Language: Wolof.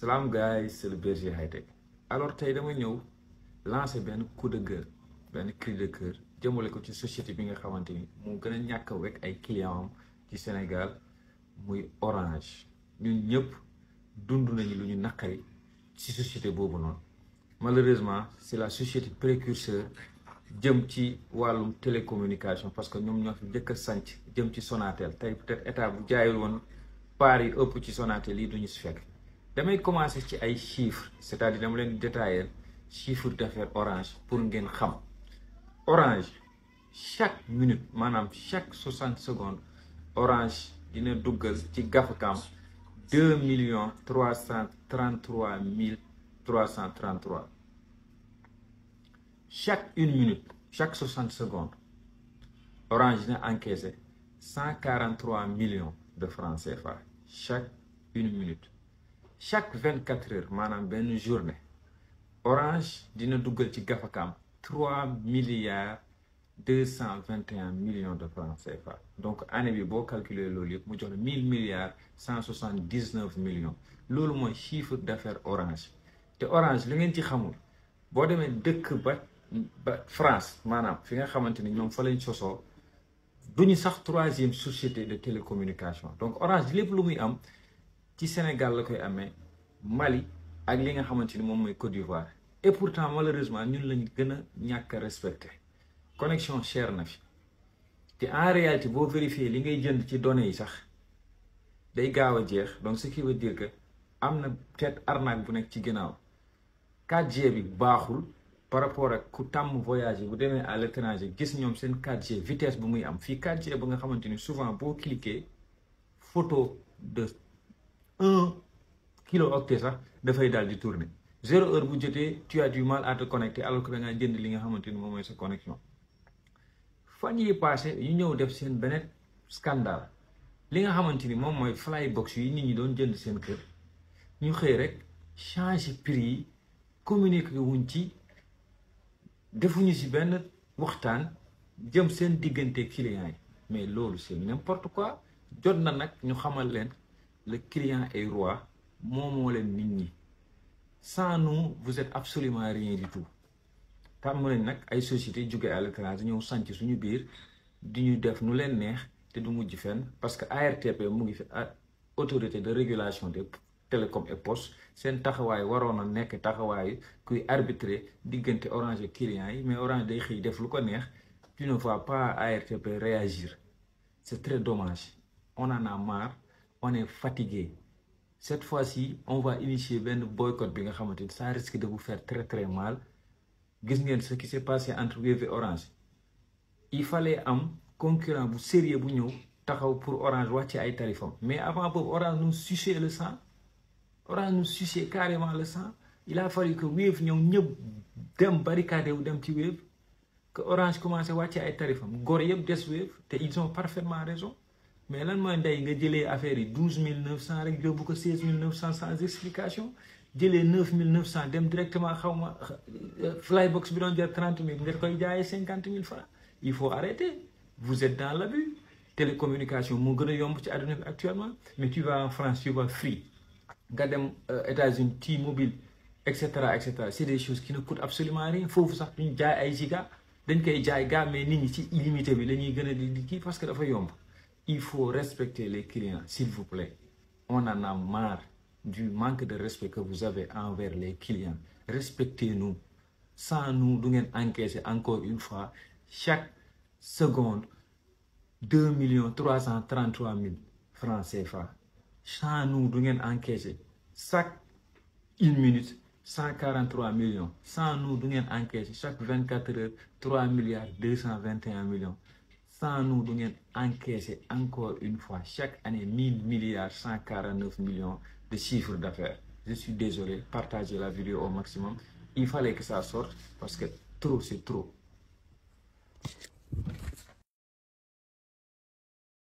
salaam guys c'est le berger high tech alors tey dama ñëw lancé benn coup de gueule benn cri de cœur jëmale ko ci société bi nga xamante ni moo gën a ñàkk a wekk ay client ci Sénégal muy Orange ñu ñëpp dund nañu lu ñu naqari ci société boobu noonu malheureusement c'est la société précurseur jëm ci wàllum télécommunication parce que ñoom ñoo fi njëkk a sanc jëm ci Sonatel tey peut-être état bu jaayul woon part yi ëpp ci Sonatel yi duñu si fekk damay commencer ci ay chiffres c'est-à-dire dama leen détailler chiffre d'affaires orange pour ngeen xam orange chaque minute maanaam chaque soixante secondes orange dina duggal ci gafakam deux millions trois cent mille trois cent trente chaque une minute chaque soixante secondes orange dina encaissé cent quarante trois millions de français CFA chaque une minute chaque vingt quatre heures maanaam benn journée Orange dina duggal ci gafakaam trois milliards deux cent vingt et un millions de francs CFA donc année bi boo calculer loolu yëpp mu jox la mille milliards cent soixante dix neuf millions loolu mooy chiffre d'affaires Orange te Orange li ngeen ci xamul boo demee dëkk ba ba France maanaam fi nga xamante ni ñoom fa lañ sosoo duñu sax troisième société de télécommunication donc Orange lépp lu muy am. ci Sénégal la koy amee Mali ak li nga xamante ni moom mooy Côte d'Ivoire et pourtant malheureusement ñun lañ gën a ñàkk respecte respecté connexion cher na fi te en réalité boo vérifier li ngay jënd ci données yi sax day gaaw a jeex donc ce qui veut dire que am na peut-être arnaque bu nekk ci ginnaaw 4G bi baaxul par rapport ak ku tàmm voyage bu demee à l'étranger gis ñoom seen 4G vitesse bu muy am fii 4G ba nga xamante ni souvent boo cliquer photo de un kilo octet sax dafay daal di tourner zéro heure bu jotee tu as yu mal à te connecter alors que da jënd li nga xamante ni moom mooy sa connexion fan yi ñu ñëw def seen beneen scandale li nga xamante ni moom mooy flybox yi nit ñi doon jënd seen kër ñu xëy rek changer prix yi communiqué wuñ ci defuñu ci benn waxtaan jëm seen diggante clients yi mais loolu c'est n'importe quoi jot na nag ñu xamal leen le client est roi moo leen nit ñi saa nous vous êtes absolument rien du tout tàmm nañ nag ay société jóge à l'étranger ñëw sanc suñu biir di ñu def nu leen neex te du mujj fenn parce que ARTP mu ngi fi ah, autorité de régulation des télécom et poste seen taxawaay waroon a nekk taxawaay kuy arbitrer diggante orange client yi mais orange day xëy def lu ko neex tu ne vois pas ARTP réagir c'est très dommage on en a marre on est fatigué cette fois si on va initier benn boycott bi nga xamante ni ça risque de vous faire très très mal gis ngeen ce qui s'est passé entre Wave et Orange il fallait am concurrent bu sérieux bu ñëw taxaw pour Orange wàcce ay tarifam mais avant boobu Orange nous suçait le sang Orange nous suçait carrément le sang il a fallu que Wave ñëw ñëpp dem barricade wu dem ci Wave que Orange commencé wàcce ay tarifam góor yëpp des Wave te ils ont parfaitement raison mais lan mooy ndey nga jëlee affaire yi douze mille neuf cent rek yóbbu ko seize mille neuf cent sans explication jëlee neuf mille neuf cent dem directement xaw ma euh, flybox bi doon jar trente mille nga koy jaayee cinquante mille francs il faut arrêter vous êtes dans l'abus télécommunication moo gën a yomb ci àdduna bi actuellement mais tu vas en France tu vas Free nga dem euh, États-Unis T-Mobile et cetera et cetera c'est des choses qui ne coûtent absolument rien foofu sax duñ jaay ay giga dañ koy jaay gaa ñi ci illimité bi la ñuy gën a di kii parce que dafa yomb. il faut respecter les clients, s'il vous plaît. On en a marre du manque de respect que vous avez envers les clients. Respectez-nous. Sans nous, nous encaisser encore une fois chaque seconde 2 333 000 francs CFA. Sans nous, nous encaisser chaque une minute 143 millions. Sans nous, nous encaisser chaque 24 heures 3 milliards 221 millions. sans nu du ngeen encaisser encore une fois chaque année mille milliards cent quarante neuf millions de chiffre d'affaires je suis désolé partagez la vidéo au maximum il fallait que ça sorte parce que trop c'est trop